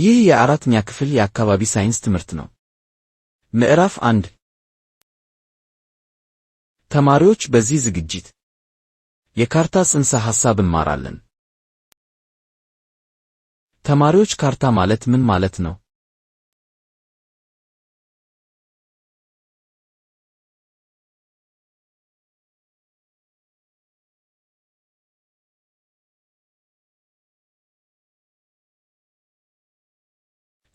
ይህ የአራተኛ ክፍል የአካባቢ ሳይንስ ትምህርት ነው። ምዕራፍ አንድ ተማሪዎች በዚህ ዝግጅት የካርታ ጽንሰ ሐሳብ እንማራለን። ተማሪዎች ካርታ ማለት ምን ማለት ነው?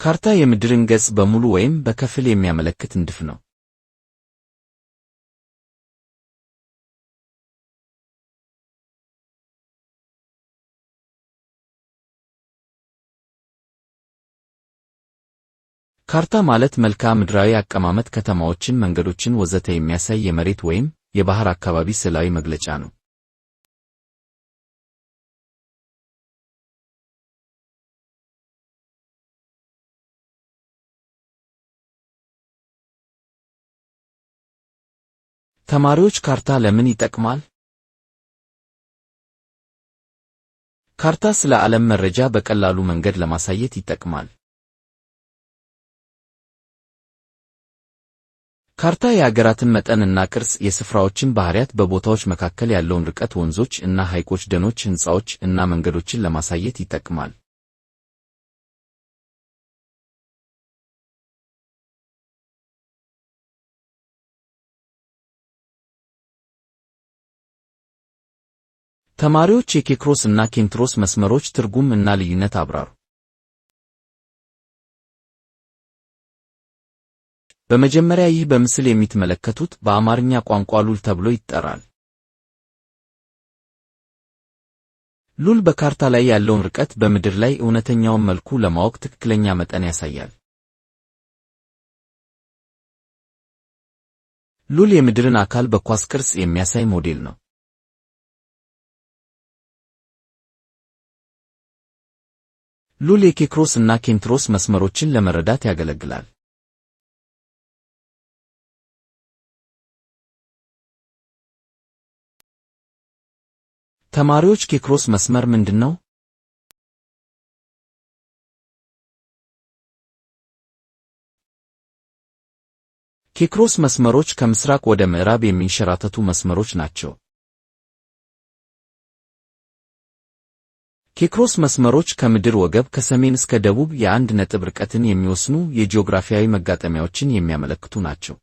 ካርታ የምድርን ገጽ በሙሉ ወይም በከፊል የሚያመለክት ንድፍ ነው። ካርታ ማለት መልክዓ ምድራዊ አቀማመጥ ከተማዎችን፣ መንገዶችን፣ ወዘተ የሚያሳይ የመሬት ወይም የባህር አካባቢ ስዕላዊ መግለጫ ነው። ተማሪዎች ካርታ ለምን ይጠቅማል? ካርታ ስለ ዓለም መረጃ በቀላሉ መንገድ ለማሳየት ይጠቅማል። ካርታ የአገራትን መጠንና ቅርጽ፣ የስፍራዎችን ባህሪያት፣ በቦታዎች መካከል ያለውን ርቀት፣ ወንዞች እና ሐይቆች፣ ደኖች፣ ሕንፃዎች እና መንገዶችን ለማሳየት ይጠቅማል። ተማሪዎች የኬክሮስ እና ኬንትሮስ መስመሮች ትርጉም እና ልዩነት አብራሩ። በመጀመሪያ ይህ በምስል የምትመለከቱት በአማርኛ ቋንቋ ሉል ተብሎ ይጠራል። ሉል በካርታ ላይ ያለውን ርቀት በምድር ላይ እውነተኛውን መልኩ ለማወቅ ትክክለኛ መጠን ያሳያል። ሉል የምድርን አካል በኳስ ቅርጽ የሚያሳይ ሞዴል ነው። ሉል የኬክሮስ እና ኬንትሮስ መስመሮችን ለመረዳት ያገለግላል። ተማሪዎች ኬክሮስ መስመር ምንድን ነው? ኬክሮስ መስመሮች ከምስራቅ ወደ ምዕራብ የሚንሸራተቱ መስመሮች ናቸው። ኬክሮስ መስመሮች ከምድር ወገብ ከሰሜን እስከ ደቡብ የአንድ ነጥብ ርቀትን የሚወስኑ የጂኦግራፊያዊ መጋጠሚያዎችን የሚያመለክቱ ናቸው።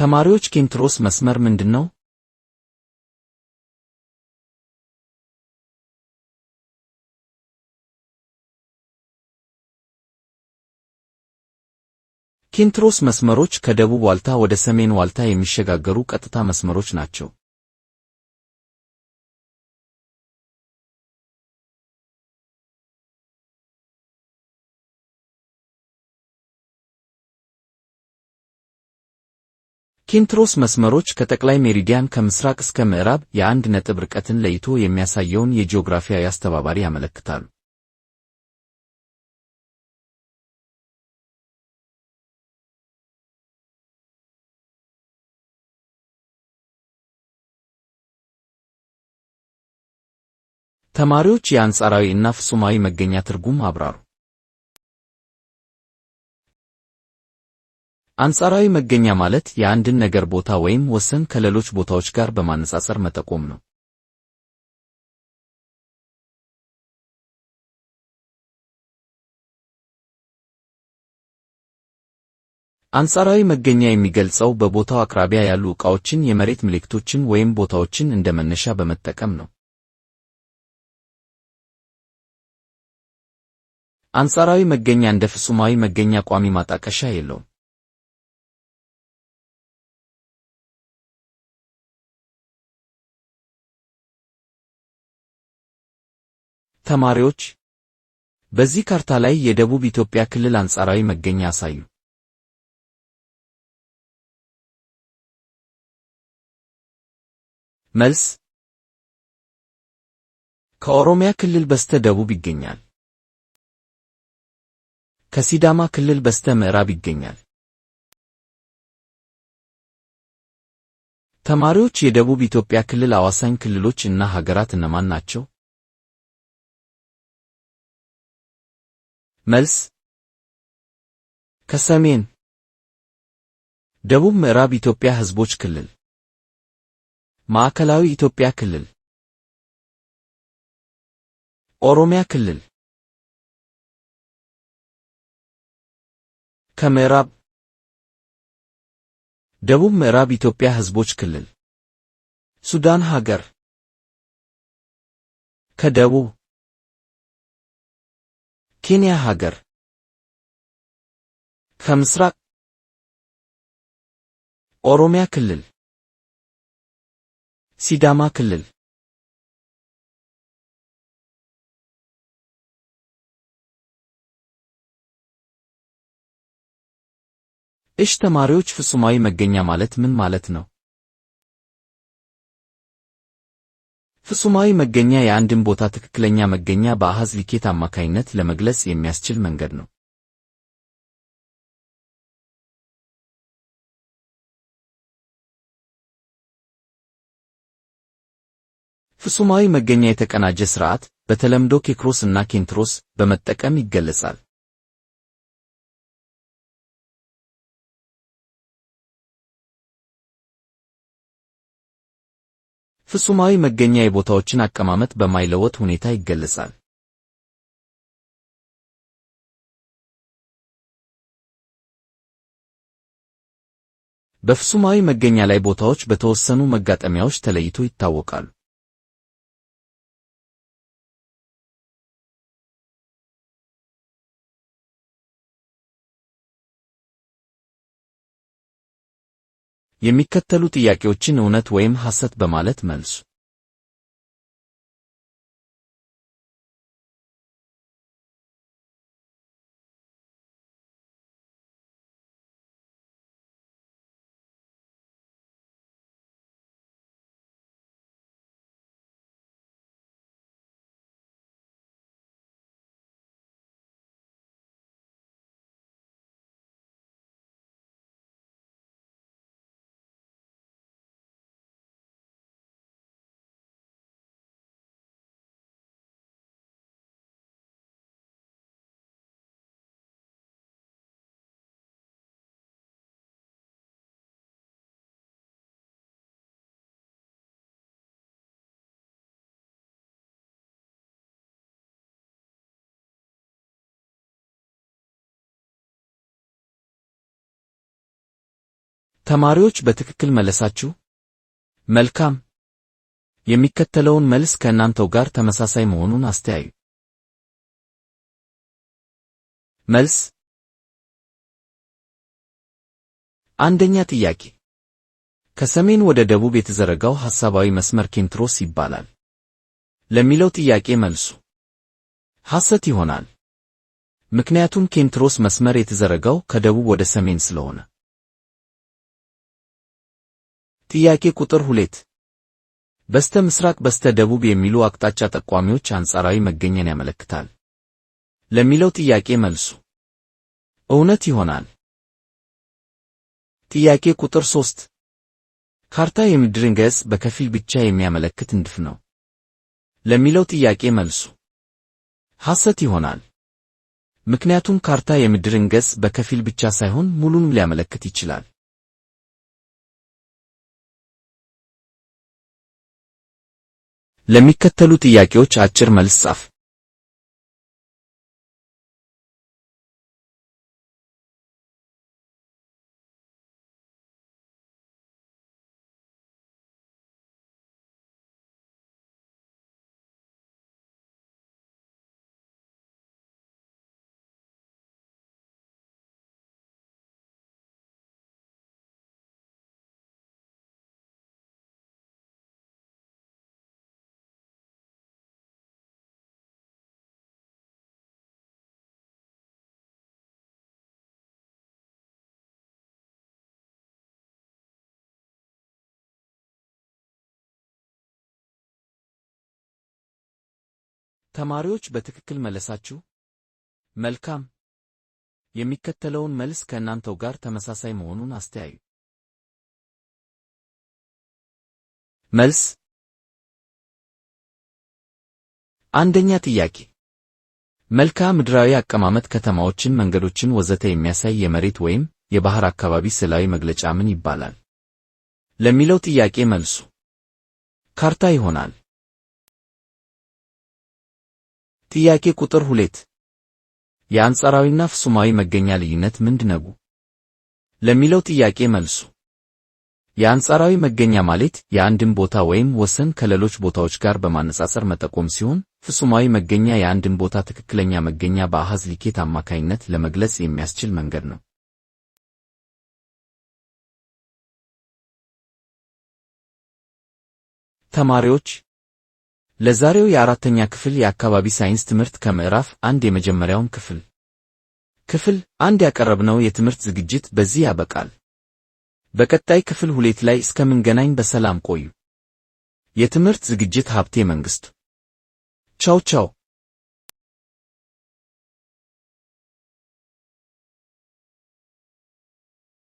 ተማሪዎች ኬንትሮስ መስመር ምንድን ነው? ኪንትሮስ መስመሮች ከደቡብ ዋልታ ወደ ሰሜን ዋልታ የሚሸጋገሩ ቀጥታ መስመሮች ናቸው። ኪንትሮስ መስመሮች ከጠቅላይ ሜሪዲያን ከምስራቅ እስከ ምዕራብ የአንድ ነጥብ ርቀትን ለይቶ የሚያሳየውን የጂኦግራፊያዊ አስተባባሪ ያመለክታሉ። ተማሪዎች የአንጻራዊ እና ፍጹማዊ መገኛ ትርጉም አብራሩ። አንጻራዊ መገኛ ማለት የአንድን ነገር ቦታ ወይም ወሰን ከሌሎች ቦታዎች ጋር በማነጻጸር መጠቆም ነው። አንጻራዊ መገኛ የሚገልጸው በቦታው አቅራቢያ ያሉ ዕቃዎችን፣ የመሬት ምልክቶችን ወይም ቦታዎችን እንደ መነሻ በመጠቀም ነው። አንጻራዊ መገኛ እንደ ፍጹማዊ መገኛ ቋሚ ማጣቀሻ የለውም። ተማሪዎች በዚህ ካርታ ላይ የደቡብ ኢትዮጵያ ክልል አንጻራዊ መገኛ አሳዩ። መልስ ከኦሮሚያ ክልል በስተ ደቡብ ይገኛል። ከሲዳማ ክልል በስተ ምዕራብ ይገኛል። ተማሪዎች የደቡብ ኢትዮጵያ ክልል አዋሳኝ ክልሎች እና ሀገራት እነማን ናቸው? መልስ ከሰሜን ደቡብ ምዕራብ ኢትዮጵያ ህዝቦች ክልል፣ ማዕከላዊ ኢትዮጵያ ክልል፣ ኦሮሚያ ክልል ከምዕራብ ደቡብ ምዕራብ ኢትዮጵያ ህዝቦች ክልል ሱዳን ሀገር ከደቡብ ኬንያ ሀገር ከምስራቅ ኦሮሚያ ክልል ሲዳማ ክልል እሽ ተማሪዎች ፍጹማዊ መገኛ ማለት ምን ማለት ነው? ፍጹማዊ መገኛ የአንድን ቦታ ትክክለኛ መገኛ በአሃዝ ልኬት አማካይነት ለመግለጽ የሚያስችል መንገድ ነው። ፍጹማዊ መገኛ የተቀናጀ ስርዓት በተለምዶ ኬክሮስ እና ኬንትሮስ በመጠቀም ይገለጻል። ፍጹማዊ መገኛ የቦታዎችን አቀማመጥ በማይለወጥ ሁኔታ ይገለጻል። በፍጹማዊ መገኛ ላይ ቦታዎች በተወሰኑ መጋጠሚያዎች ተለይቶ ይታወቃሉ። የሚከተሉ ጥያቄዎችን እውነት ወይም ሐሰት በማለት መልሱ። ተማሪዎች በትክክል መለሳችሁ? መልካም። የሚከተለውን መልስ ከእናንተው ጋር ተመሳሳይ መሆኑን አስተያዩ። መልስ አንደኛ ጥያቄ ከሰሜን ወደ ደቡብ የተዘረጋው ሐሳባዊ መስመር ኬንትሮስ ይባላል ለሚለው ጥያቄ መልሱ ሐሰት ይሆናል። ምክንያቱም ኬንትሮስ መስመር የተዘረጋው ከደቡብ ወደ ሰሜን ስለሆነ ጥያቄ ቁጥር ሁለት በስተ ምስራቅ በስተ ደቡብ የሚሉ አቅጣጫ ጠቋሚዎች አንጻራዊ መገኘን ያመለክታል ለሚለው ጥያቄ መልሱ እውነት ይሆናል። ጥያቄ ቁጥር 3 ካርታ የምድርን ገጽ በከፊል ብቻ የሚያመለክት ንድፍ ነው ለሚለው ጥያቄ መልሱ ሐሰት ይሆናል። ምክንያቱም ካርታ የምድርን ገጽ በከፊል ብቻ ሳይሆን ሙሉንም ሊያመለክት ይችላል። ለሚከተሉ ጥያቄዎች አጭር መልስ ጻፍ። ተማሪዎች በትክክል መለሳችሁ? መልካም። የሚከተለውን መልስ ከእናንተው ጋር ተመሳሳይ መሆኑን አስተያዩ። መልስ አንደኛ ጥያቄ መልክዓ ምድራዊ አቀማመጥ ከተማዎችን፣ መንገዶችን፣ ወዘተ የሚያሳይ የመሬት ወይም የባህር አካባቢ ስዕላዊ መግለጫ ምን ይባላል? ለሚለው ጥያቄ መልሱ ካርታ ይሆናል። ጥያቄ ቁጥር ሁለት የአንጻራዊና ፍጹማዊ መገኛ ልዩነት ምንድነው? ለሚለው ጥያቄ መልሱ የአንጻራዊ መገኛ ማለት የአንድን ቦታ ወይም ወሰን ከሌሎች ቦታዎች ጋር በማነጻጸር መጠቆም ሲሆን፣ ፍጹማዊ መገኛ የአንድን ቦታ ትክክለኛ መገኛ በአሃዝ ልኬት አማካይነት ለመግለጽ የሚያስችል መንገድ ነው። ተማሪዎች ለዛሬው የአራተኛ ክፍል የአካባቢ ሳይንስ ትምህርት ከምዕራፍ አንድ የመጀመሪያውን ክፍል ክፍል አንድ ያቀረብነው የትምህርት ዝግጅት በዚህ ያበቃል። በቀጣይ ክፍል ሁለት ላይ እስከምንገናኝ በሰላም ቆዩ። የትምህርት ዝግጅት ሀብቴ መንግስቱ ቻው ቻው።